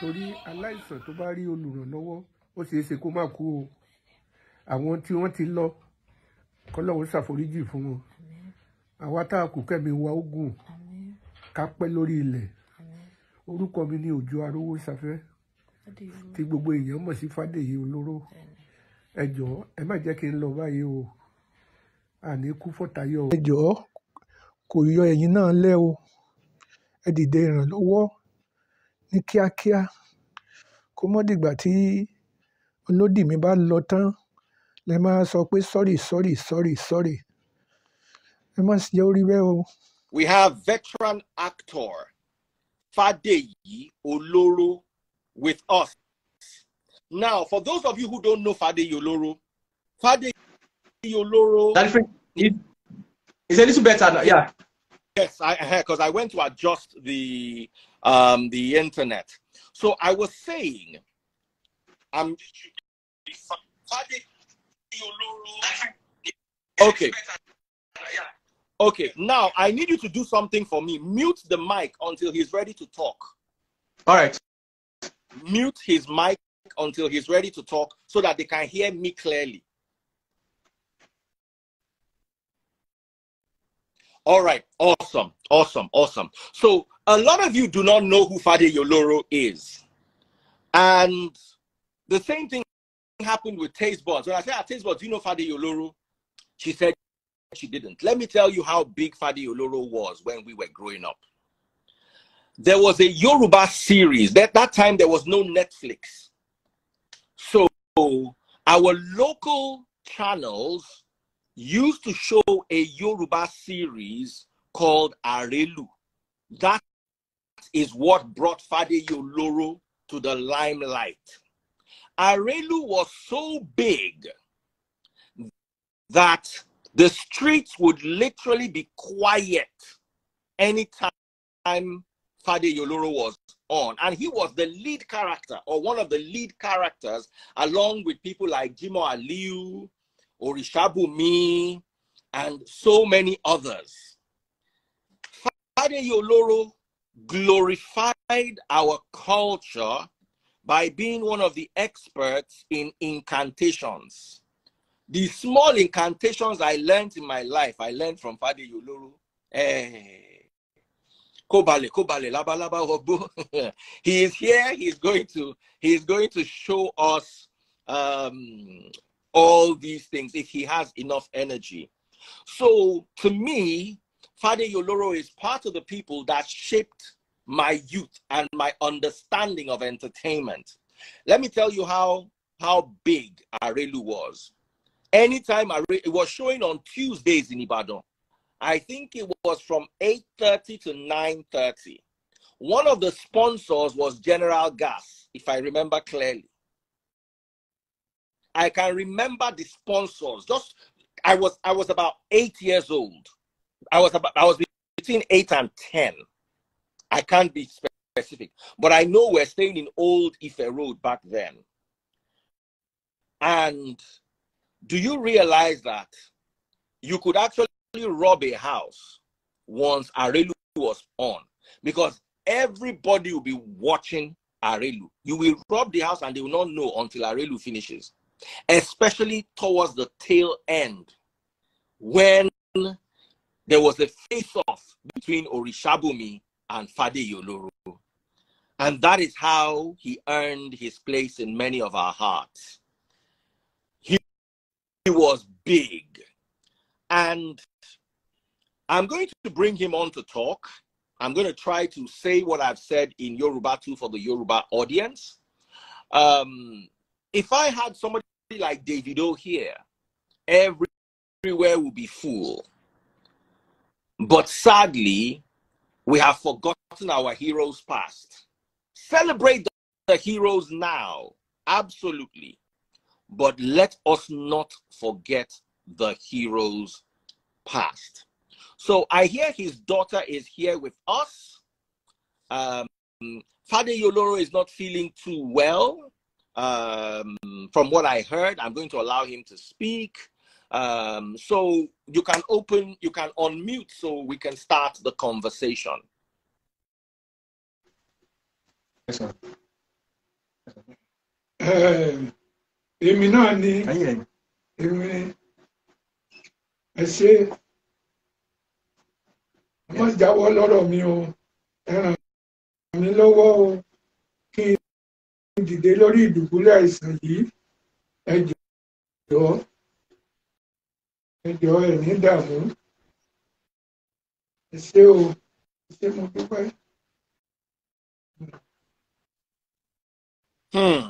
torí aláìsàn tó bá rí olùrànlọ́wọ́ ó ṣeé ṣe kó má kú o àwọn tí wọ́n ti lọ kọ́lọ́run ṣàforíjì fún wọn àwa tá a kù kẹ́mi wa ogun ká pẹ́ lórí ilẹ̀ orúkọ mi ni Òjó Arówó Ṣafẹ́ tí gbogbo èèyàn mọ̀ sí Fádèyí Olóró ẹ jọ̀ọ́ ẹ má jẹ́ kí n lọ báyìí o àní kú fọ́tayọ. ẹ jọ̀ọ́ kò yọ ẹ̀yin náà lẹ́ o ẹ dìde ìrànlọ́wọ́ ní kíákíá kó mọ́ dìgbà tí olódì mi bá lọ tán lẹ máa sọ pé ẹ má orí bẹ́ẹ̀ o. we have veteran actor Fadeyi Oloro with us now for those of you who don't know Fadeyi Oloro Fadeyi Oloro. that is, is a little better now yeah. Yes, I because I went to adjust the um, the internet. So I was saying, I'm. Okay. Okay. Now I need you to do something for me. Mute the mic until he's ready to talk. All right. Mute his mic until he's ready to talk, so that they can hear me clearly. All right. Awesome. Awesome. Awesome. So a lot of you do not know who Fade Yoloro is. And the same thing happened with Taste Buds. When I said, ah, Taste Buds, do you know Fade Yoloro? She said she didn't. Let me tell you how big Fade Yoloro was when we were growing up. There was a Yoruba series. At that, that time, there was no Netflix. So our local channels used to show a Yoruba series called Arelu. That is what brought Fade Yoloro to the limelight. Arelu was so big that the streets would literally be quiet anytime Fade Yoloro was on. And he was the lead character or one of the lead characters, along with people like Jimo Aliu Orishabumi, and so many others. Fade Yoloro glorified our culture by being one of the experts in incantations. The small incantations I learned in my life, I learned from Fade Yoloro. Eh, kobale, kobale, laba, laba, hobo. he is here. He's going to. He is going to show us um, all these things if he has enough energy. So to me, Fade Yoloro is part of the people that shaped my youth and my understanding of entertainment. Let me tell you how how big Arelu was. Anytime Are, it was showing on Tuesdays in Ibadan. I think it was from 8:30 to 9:30. One of the sponsors was General Gas, if I remember clearly. I can remember the sponsors. Just I was I was about eight years old. I was about I was between eight and ten. I can't be specific, but I know we're staying in Old Ife Road back then. And do you realize that you could actually rob a house once Arelu was on? Because everybody will be watching Arelu. You will rob the house and they will not know until Arelu finishes especially towards the tail end when there was a face off between Orishabumi and Fade Yoluru. And that is how he earned his place in many of our hearts. He, he was big. And I'm going to bring him on to talk. I'm going to try to say what I've said in Yoruba too for the Yoruba audience. Um, if I had somebody like David O here, everywhere will be full. But sadly, we have forgotten our heroes past. Celebrate the heroes now, absolutely. But let us not forget the heroes past. So I hear his daughter is here with us. Um, Fade Yoloro is not feeling too well. Um, from what I heard, I'm going to allow him to speak. Um, so you can open, you can unmute so we can start the conversation. Yes, sir. èmi eh, náà ni èmi ni ẹ ṣe wọ́n jáwọ́ lọ́rọ̀ mi oe ran mi dìde lórí ìdùbúlẹ̀ àìsàn yìí ẹ jọ̀ọ́ ẹ jọ̀ọ́ ẹ ní dààmú ẹ ṣé o ẹ ṣé mo dúpẹ́. Hmm.